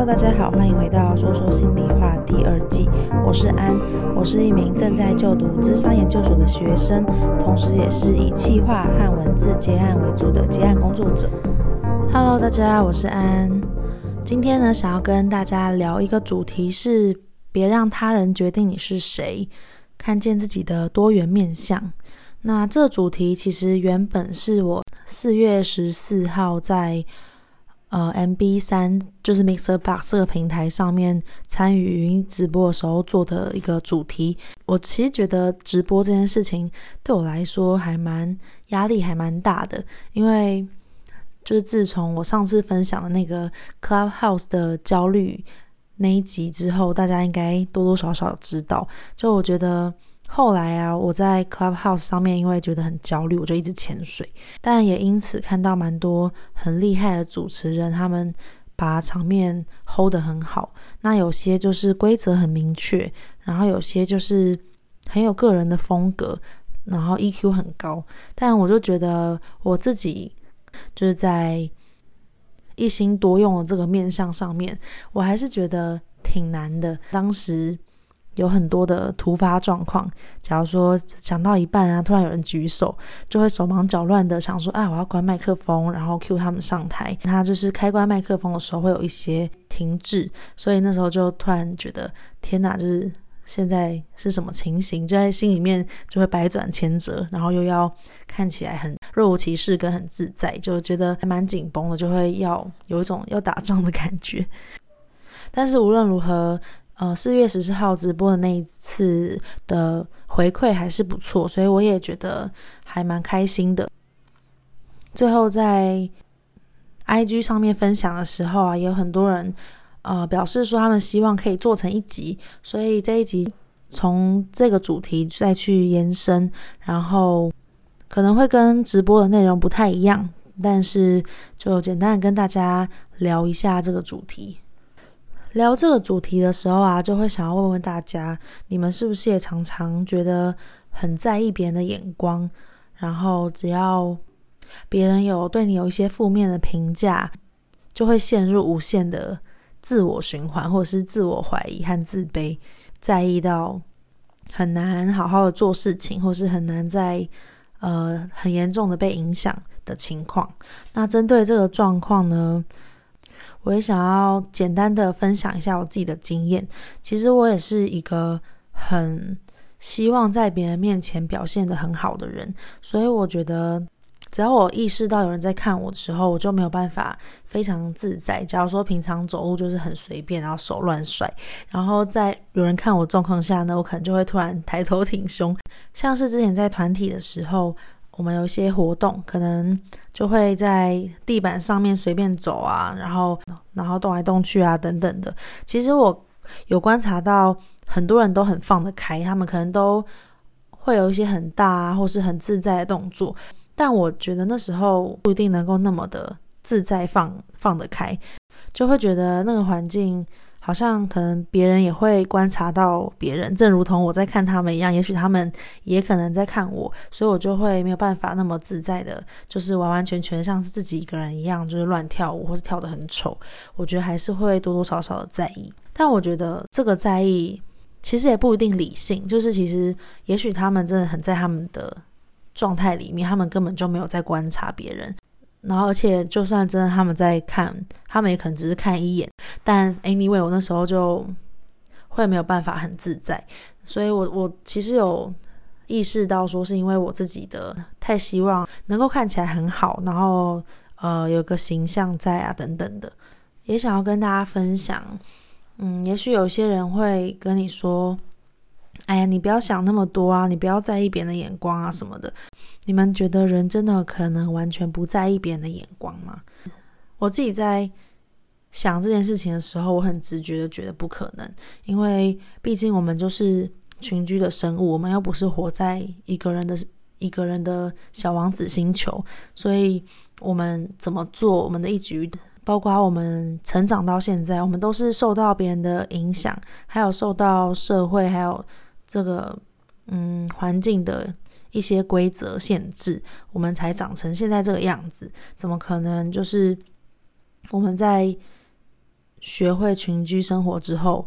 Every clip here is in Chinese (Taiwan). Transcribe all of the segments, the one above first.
Hello，大家好，歡迎回到《說說心理話》第二季，我是安，我是一名正在就讀諮商研究所的學生，同時也是以氣畫和文字結案為主的結案工作者。Hello，大家，我是安，今天呢，想要跟大家聊一個主題是別讓他人決定你是誰，看見自己的多元面向。那這主題其實原本是我四月十四號在。呃，MB 三就是 Mixer Box 這個平台上面參與語音直播的時候做的一個主題。我其實覺得直播這件事情對我來說還蠻壓力還蠻大的，因為就是自從我上次分享的那個 Clubhouse 的焦慮那一集之後，大家應該多多少少知道，就我覺得。後來啊，我在 Clubhouse 上面，因為覺得很焦慮，我就一直潛水。但也因此看到蠻多很厲害的主持人，他們把場面 hold 得很好。那有些就是規則很明確，然後有些就是很有個人的風格，然後 EQ 很高。但我就覺得我自己就是在一心多用的這個面向上面，我還是覺得挺難的。當時。有很多的突發狀況，假如說講到一半啊，突然有人舉手，就會手忙腳亂的想說，啊，我要關麥克風，然後 cue 他們上台。他就是開關麥克風的時候會有一些停滯，所以那時候就突然覺得，天哪，就是現在是什麼情形？就在心裡面就會百轉千折，然後又要看起來很若無其事跟很自在，就覺得還蠻緊繃的，就會要有一種要打仗的感覺。但是無論如何。呃，四月十四號直播的那一次的回饋還是不錯，所以我也覺得還蠻開心的。最後在 IG 上面分享的時候啊，有很多人呃表示說他們希望可以做成一集，所以這一集從這個主題再去延伸，然後可能會跟直播的內容不太一樣，但是就簡單的跟大家聊一下這個主題。聊這個主題的時候啊，就會想要問問大家，你們是不是也常常覺得很在意別人的眼光？然後只要別人有對你有一些負面的評價，就會陷入無限的自我循環，或者是自我懷疑和自卑，在意到很難好好的做事情，或是很難在，呃，很嚴重的被影響的情況。那針對這個狀況呢？我也想要簡單的分享一下我自己的經驗。其實我也是一個很希望在別人面前表現得很好的人，所以我覺得，只要我意識到有人在看我的時候，我就沒有辦法非常自在。假如說平常走路就是很隨便，然後手亂甩，然後在有人看我狀況下呢，我可能就會突然抬頭挺胸，像是之前在團體的時候。我們有一些活動，可能就會在地板上面隨便走啊，然後然後動來動去啊，等等的。其實我有觀察到很多人都很放得開，他們可能都會有一些很大啊，或是很自在的動作。但我覺得那時候不一定能夠那麼的自在放放得開，就會覺得那個環境。好像可能別人也會觀察到別人，正如同我在看他們一樣，也許他們也可能在看我，所以我就會沒有辦法那麼自在的，就是完完全全像是自己一個人一樣，就是亂跳舞，或是跳得很醜。我覺得還是會多多少少的在意，但我覺得這個在意其實也不一定理性，就是其實也許他們真的很在他們的狀態裡面，他們根本就沒有在觀察別人。然後，而且就算真的他們在看，他們也可能只是看一眼。但 anyway，我那時候就會沒有辦法很自在，所以我我其實有意識到說，是因為我自己的太希望能夠看起來很好，然後呃有個形象在啊等等的，也想要跟大家分享。嗯，也許有一些人會跟你說。哎呀，你不要想那麼多啊！你不要在意別人的眼光啊什麼的。你們覺得人真的可能完全不在意別人的眼光嗎？我自己在想這件事情的時候，我很直覺的覺得不可能，因為畢竟我們就是群居的生物，我們又不是活在一個人的一個人的小王子星球，所以我們怎麼做，我們的一舉，包括我們成長到現在，我們都是受到別人的影響，還有受到社會，還有。這個嗯，環境的一些規則限制，我們才長成現在這個樣子。怎麼可能就是我們在學會群居生活之後，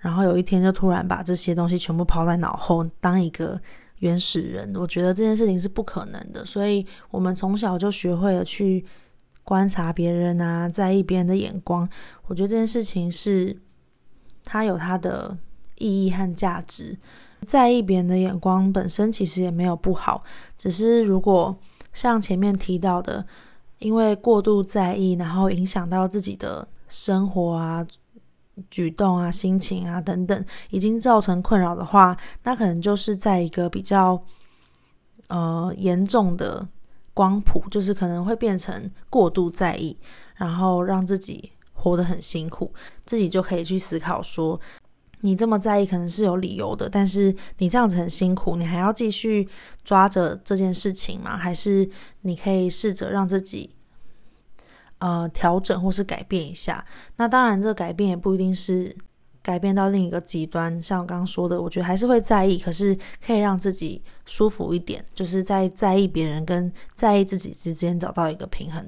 然後有一天就突然把這些東西全部拋在腦後，當一個原始人？我覺得這件事情是不可能的。所以我們從小就學會了去觀察別人啊，在意別人的眼光。我覺得這件事情是它有它的意義和價值，在意別人的眼光本身其實也沒有不好，只是如果像前面提到的，因為過度在意，然後影響到自己的生活啊、舉動啊、心情啊等等，已經造成困擾的話，那可能就是在一個比較呃嚴重的光譜，就是可能會變成過度在意，然後讓自己活得很辛苦，自己就可以去思考說，你這麼在意，可能是有理由的，但是你這樣子很辛苦，你還要繼續抓着這件事情嗎？還是你可以試着讓自己呃調整或是改變一下？那當然，這個改變也不一定是改變到另一個極端，像我剛剛說的，我覺得還是會在意，可是可以讓自己舒服一點，就是在在意別人跟在意自己之間找到一個平衡。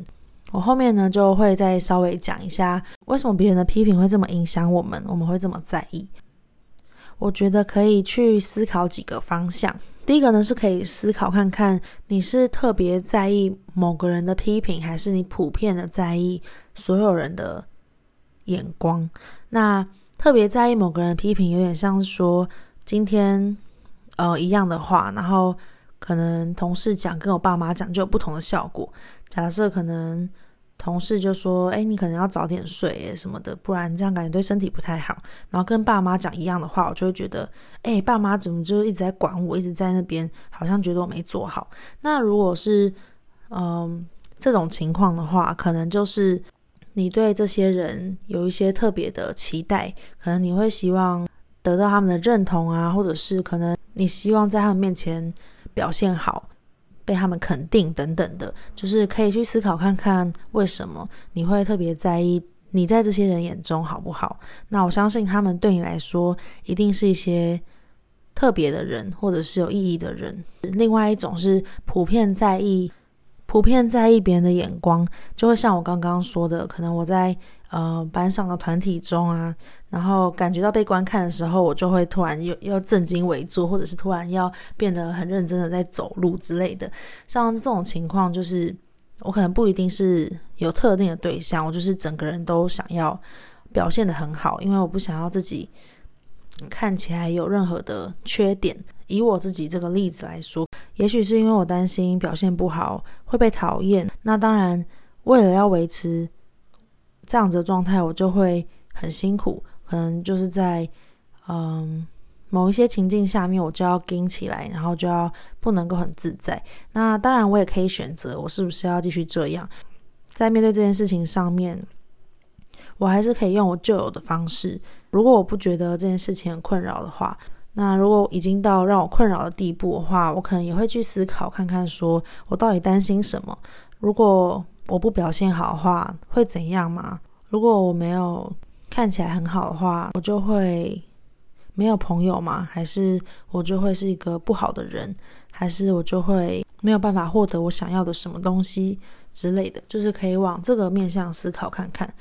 我後面呢就會再稍微講一下，為什麼別人的批評會這麼影響我們，我們會這麼在意。我覺得可以去思考幾個方向。第一個呢，是可以思考看看你是特別在意某個人的批評，還是你普遍的在意所有人的眼光。那特別在意某個人的批評，有點像說今天，呃一樣的話，然後可能同事講跟我爸媽講就有不同的效果。假設可能。同事就說：“哎，你可能要早點睡什麼的，不然這樣感覺對身體不太好。”然後跟爸媽講一樣的話，我就會覺得：“哎，爸媽怎麼就一直在管我，一直在那邊，好像覺得我沒做好。”那如果是，嗯，這種情況的話，可能就是你對這些人有一些特別的期待，可能你會希望得到他們的認同啊，或者是可能你希望在他們面前表現好。被他們肯定等等的，就是可以去思考看看為什麼你會特別在意你在這些人眼中好不好？那我相信他們對你來說一定是一些特別的人，或者是有意義的人。另外一種是普遍在意，普遍在意別人的眼光，就會像我剛剛說的，可能我在，呃，班上的團體中啊。然後感覺到被觀看的時候，我就會突然又又正襟危坐，或者是突然要變得很認真的在走路之類的。像這種情況，就是我可能不一定是有特定的對象，我就是整個人都想要表現得很好，因為我不想要自己看起來有任何的缺點。以我自己這個例子來說，也許是因為我擔心表現不好會被討厭。那當然，為了要維持這樣子的狀態，我就會很辛苦。可能就是在嗯，某一些情境下面，我就要 ㄍㄧㄥ 起來，然後就要不能夠很自在。那當然，我也可以選擇，我是不是要繼續這樣？在面對這件事情上面，我還是可以用我舊有的方式。如果我不覺得這件事情很困擾的話，那如果已經到讓我困擾的地步的話，我可能也會去思考，看看說我到底擔心什麼？如果我不表現好的話，會怎樣嗎？如果我沒有。看起來很好的話，我就會沒有朋友嗎？還是我就會是一個不好的人？還是我就會沒有辦法獲得我想要的什麼東西之類的？就是可以往這個面向思考看看。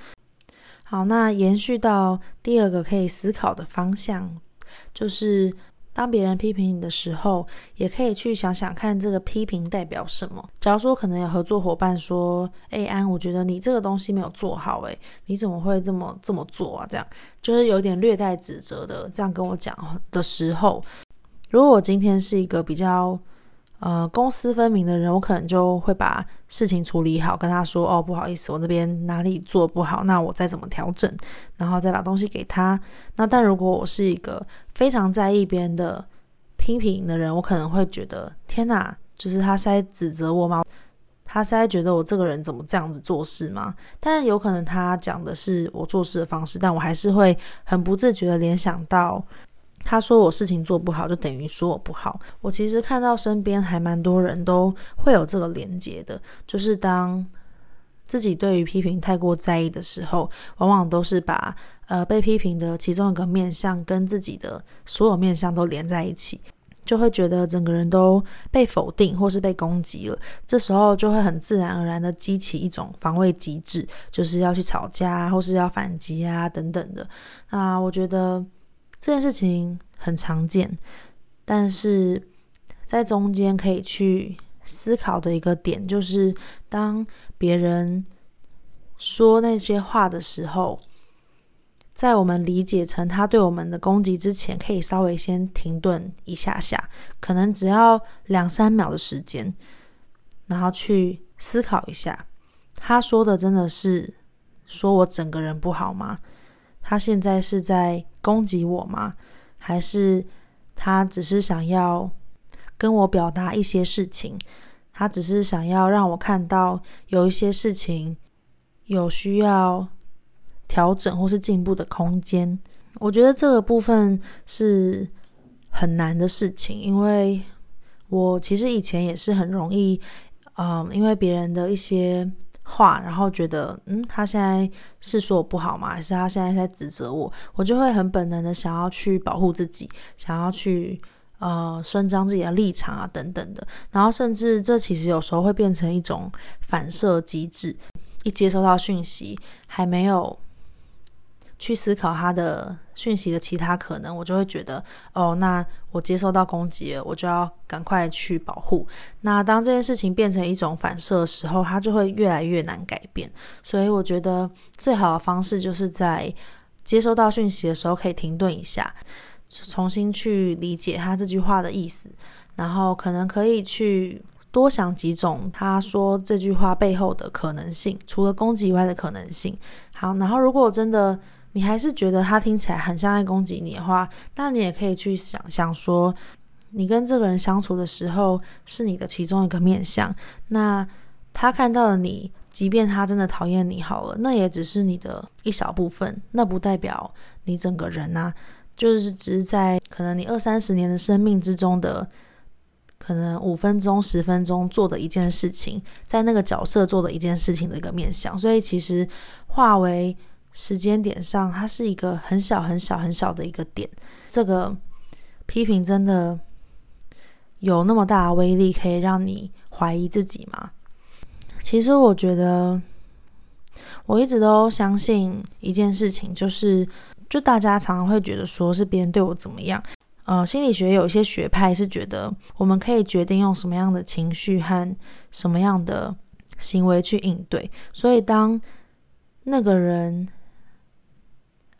好，那延續到第二個可以思考的方向，就是。當別人批評你的時候，也可以去想想看，這個批評代表什麼。假如說可能有合作夥伴說：“哎安，我覺得你這個東西沒有做好，哎，你怎麼會這麼這麼做啊？”這樣就是有點略帶指責的，這樣跟我講的時候，如果我今天是一個比較呃公私分明的人，我可能就會把事情處理好，跟他說：“哦，不好意思，我那邊哪裡做不好，那我再怎麼調整，然後再把東西給他。”那但如果我是一個，非常在意別人的批評的人，我可能會覺得天哪，就是他是在指責我嗎？他是在覺得我這個人怎麼這樣子做事嗎？但有可能他講的是我做事的方式，但我還是會很不自覺地聯想到，他說我事情做不好，就等於說我不好。我其實看到身邊還蠻多人都會有這個連結的，就是當自己對於批評太過在意的時候，往往都是把，呃，被批評的其中一個面向，跟自己的所有面向都連在一起，就會覺得整個人都被否定或是被攻擊了。這時候就會很自然而然的激起一種防衛機制，就是要去吵架或是要反擊啊等等的。那我覺得這件事情很常見，但是在中間可以去思考的一個點，就是當別人說那些話的時候。在我們理解成他對我們的攻擊之前，可以稍微先停頓一下下，可能只要兩三秒的時間，然後去思考一下，他說的真的是說我整個人不好嗎？他現在是在攻擊我嗎？還是他只是想要跟我表達一些事情？他只是想要讓我看到有一些事情有需要。調整或是進步的空間，我覺得這個部分是很難的事情，因為我其實以前也是很容易，嗯、呃，因為別人的一些話，然後覺得，嗯，他現在是說我不好嗎？還是他現在在指責我？我就會很本能的想要去保護自己，想要去呃伸張自己的立場啊，等等的。然後甚至這其實有時候會變成一種反射機制，一接收到訊息，還沒有。去思考他的訊息的其他可能，我就會覺得哦，那我接收到攻擊了，我就要趕快去保護。那當這件事情變成一種反射的時候，它就會越來越難改變。所以我覺得最好的方式就是在接收到訊息的時候，可以停頓一下，重新去理解他這句話的意思，然後可能可以去多想幾種他說這句話背後的可能性，除了攻擊以外的可能性。好，然後如果我真的。你還是覺得他聽起來很像在攻擊你的話，那你也可以去想象說，你跟這個人相處的時候是你的其中一個面向。那他看到的你，即便他真的討厭你好了，那也只是你的一小部分，那不代表你整個人啊。就是只是在可能你二三十年的生命之中的，可能五分鐘、十分鐘做的一件事情，在那個角色做的一件事情的一個面向。所以其實化為。時間點上，它是一個很小、很小、很小的一個點。這個批評真的有那麼大的威力，可以讓你懷疑自己嗎？其實，我覺得我一直都相信一件事情，就是就大家常常會覺得說是別人對我怎麼樣。呃，心理學有一些學派是覺得我們可以決定用什麼樣的情緒和什麼樣的行為去應對。所以，當那個人。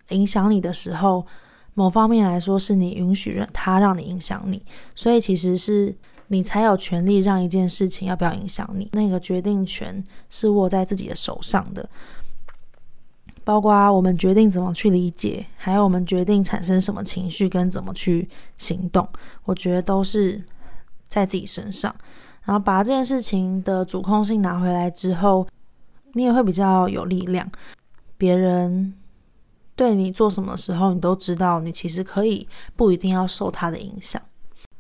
影響你的時候，某方面來說，是你允許他讓你影響你，所以其實是你才有權利讓一件事情要不要影響你。那個決定權是握在自己的手上的，包括我們決定怎麼去理解，還有我們決定產生什麼情緒跟怎麼去行動，我覺得都是在自己身上。然後把這件事情的主控性拿回來之後，你也會比較有力量，別人。對你做什麼時候，你都知道，你其實可以不一定要受他的影響。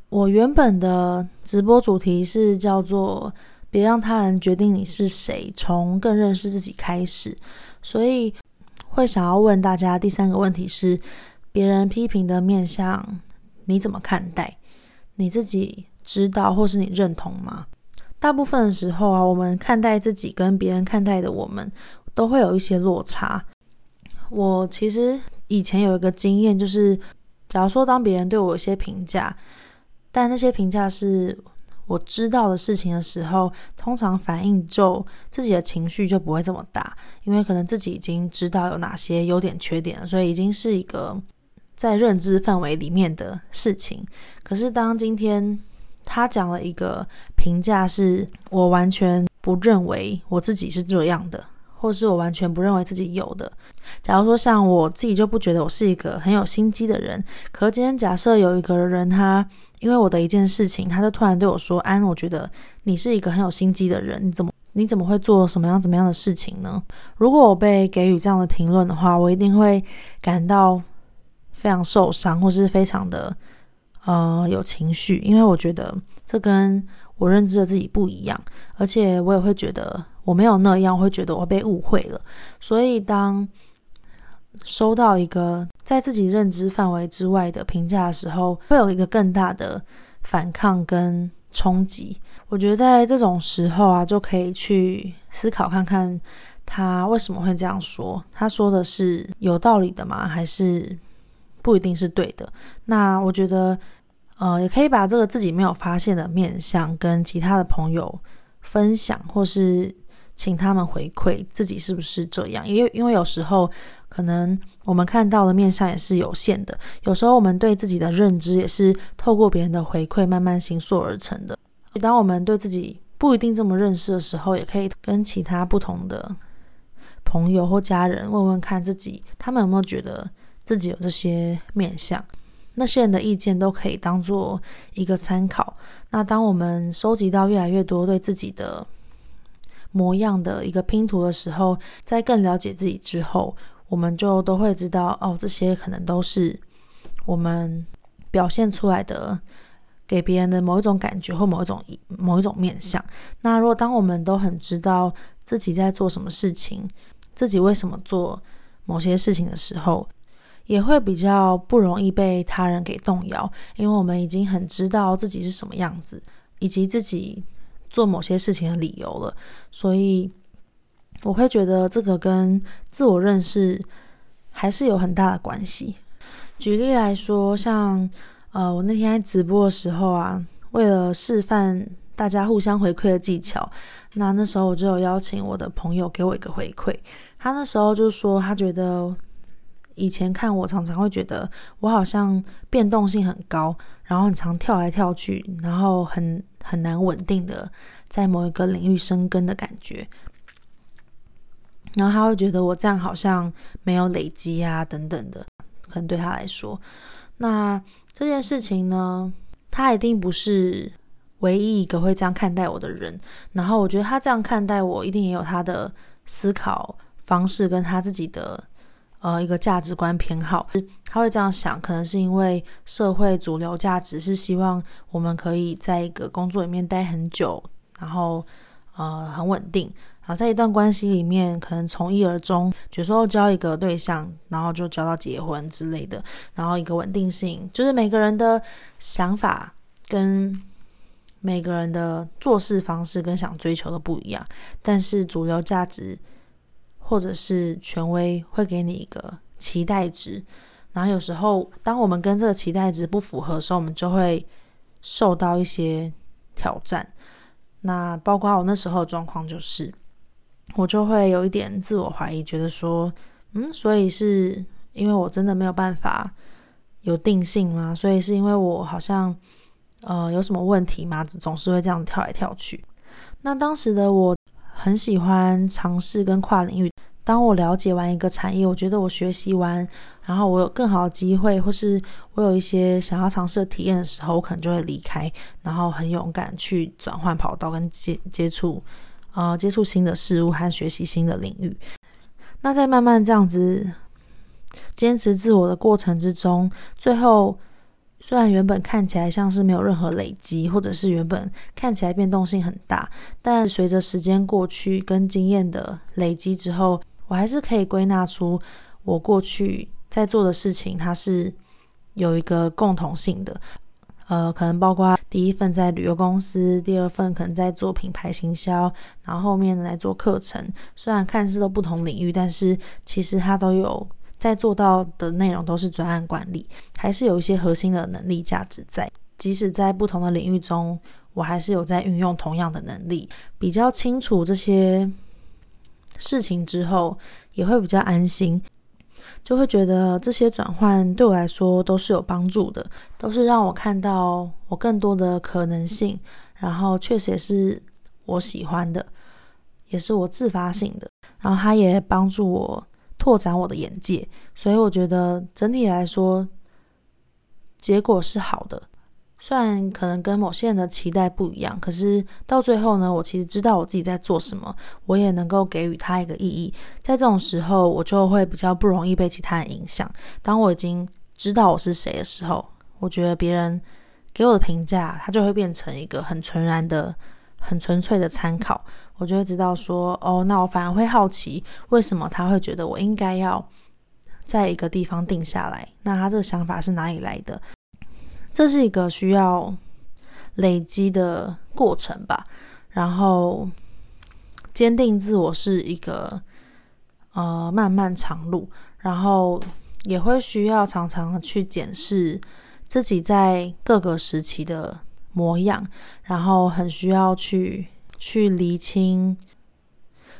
我原本的直播主題是叫做“別讓他人決定你是誰，從更認識自己開始”，所以會想要問大家第三個問題是：別人批評的面向，你怎麼看待？你自己知道或是你認同嗎？大部分的時候啊，我們看待自己跟別人看待的我們，都會有一些落差。我其實以前有一個經驗，就是，假如說當別人對我有些評價，但那些評價是我知道的事情的時候，通常反應就自己的情緒就不會這麼大，因為可能自己已經知道有哪些優點缺點了，所以已經是一個在認知範圍裡面的事情。可是當今天他講了一個評價，是我完全不認為我自己是這樣的。或是我完全不認為自己有的。假如說像我自己就不覺得我是一個很有心機的人。可今天假設有一個人他，他因為我的一件事情，他就突然對我說：“安，我覺得你是一個很有心機的人，你怎麼你怎麼會做什麼樣怎麼樣的事情呢？”如果我被給予這樣的評論的話，我一定會感到非常受傷，或是非常的呃有情緒，因為我覺得這跟我認知的自己不一樣，而且我也會覺得。我沒有那樣，我會覺得我被誤會了。所以，當收到一個在自己認知範圍之外的評價的時候，會有一個更大的反抗跟衝擊。我覺得在這種時候啊，就可以去思考看看他為什麼會這樣說，他說的是有道理的嗎？還是不一定是對的？那我覺得，呃，也可以把這個自己沒有發現的面向跟其他的朋友分享，或是。請他們回饋自己是不是這樣，因為因為有時候可能我們看到的面向也是有限的，有時候我們對自己的認知也是透過別人的回饋慢慢形塑而成的。當我們對自己不一定這麼認識的時候，也可以跟其他不同的朋友或家人問問看自己，他們有沒有覺得自己有這些面向，那些人的意見都可以當作一個參考。那當我們收集到越來越多對自己的。模樣的一個拼圖的時候，在更了解自己之後，我們就都會知道，哦，這些可能都是我們表現出來的，給別人的某一種感覺或某一種某一種面相。那如果當我們都很知道自己在做什麼事情，自己為什麼做某些事情的時候，也會比較不容易被他人給動搖，因為我們已經很知道自己是什麼樣子，以及自己。做某些事情的理由了，所以我會覺得這個跟自我認識還是有很大的關係。舉例來說，像呃，我那天在直播的時候啊，為了示範大家互相回饋的技巧，那那時候我就有邀請我的朋友給我一個回饋，他那時候就說他覺得以前看我常常會覺得我好像變動性很高，然後很常跳來跳去，然後很。很難穩定的在某一個領域生根的感覺，然後他會覺得我這樣好像沒有累積啊等等的，可能對他來說。那這件事情呢，他一定不是唯一一個會這樣看待我的人，然後我覺得他這樣看待我，一定也有他的思考方式跟他自己的呃，一個價值觀偏好，他會這樣想，可能是因為社會主流價值是希望我們可以在一個工作裡面待很久，然後呃很穩定，然後在一段關係裡面可能從一而終，比如說交一個對象，然後就交到結婚之類的，然後一個穩定性，就是每個人的想法跟每個人的做事方式跟想追求的不一樣，但是主流價值。或者是權威會給你一個期待值，然後有時候當我們跟這個期待值不符合的時候，我們就會受到一些挑戰。那包括我那時候的狀況就是，我就會有一點自我懷疑，覺得說，嗯，所以是因為我真的沒有辦法有定性嗎？所以是因為我好像呃有什麼問題嗎？總是會這樣跳來跳去。那當時的我很喜歡嘗試跟跨領域。當我了解完一個產業，我覺得我學習完，然後我有更好的機會，或是我有一些想要嘗試體驗的時候，我可能就會離開，然後很勇敢去轉換跑道跟接接觸，呃，接觸新的事物和學習新的領域。那在慢慢這樣子堅持自我的過程之中，最後雖然原本看起來像是沒有任何累積，或者是原本看起來變動性很大，但隨着時間過去跟經驗的累積之後，我還是可以歸納出我過去在做的事情，它是有一個共同性的。呃，可能包括第一份在旅遊公司，第二份可能在做品牌行銷，然後後面來做課程。雖然看似都不同領域，但是其實它都有在做到的內容都是專案管理，還是有一些核心的能力價值在。即使在不同的領域中，我還是有在運用同樣的能力，比較清楚這些。事情之後也會比較安心，就會覺得這些轉換對我來說都是有幫助的，都是讓我看到我更多的可能性，然後確實也是我喜歡的，也是我自發性的，然後它也幫助我拓展我的眼界，所以我覺得整體來說結果是好的。雖然可能跟某些人的期待不一樣，可是到最後呢，我其實知道我自己在做什麼，我也能夠給予他一個意義。在這種時候，我就會比較不容易被其他人影響。當我已經知道我是誰的時候，我覺得別人給我的評價，他就會變成一個很純然的、很純粹的參考。我就會知道說，哦，那我反而會好奇，為什麼他會覺得我應該要在一個地方定下來？那他這個想法是哪裡來的？這是一個需要累積的過程吧，然後堅定自我是一個呃漫漫長路，然後也會需要常常去檢視自己在各個時期的模樣，然後很需要去去釐清，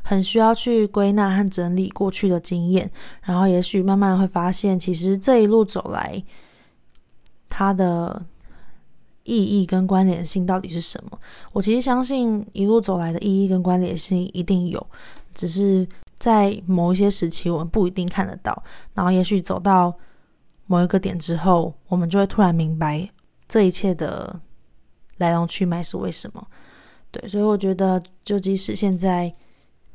很需要去歸納和整理過去的經驗，然後也許慢慢會發現，其實這一路走來，它的意義跟關聯性到底是什麼？我其實相信一路走來的意義跟關聯性一定有，只是在某一些時期我們不一定看得到。然後也許走到某一個點之後，我們就會突然明白這一切的來龍去脈是為什麼。對，所以我覺得，就即使現在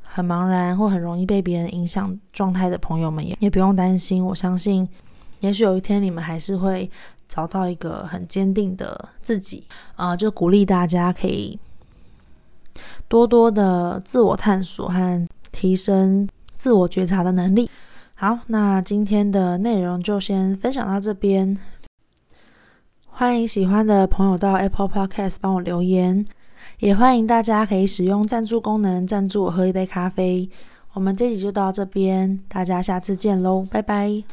很茫然或很容易被別人影響狀態的朋友們也，也也不用擔心。我相信。也許有一天你們還是會找到一個很堅定的自己，呃，就鼓勵大家可以多多的自我探索和提升自我覺察的能力。好，那今天的內容就先分享到這邊，歡迎喜歡的朋友到 Apple Podcast 幫我留言，也歡迎大家可以使用贊助功能贊助我喝一杯咖啡。我們這集就到這邊，大家下次見嘍，拜拜。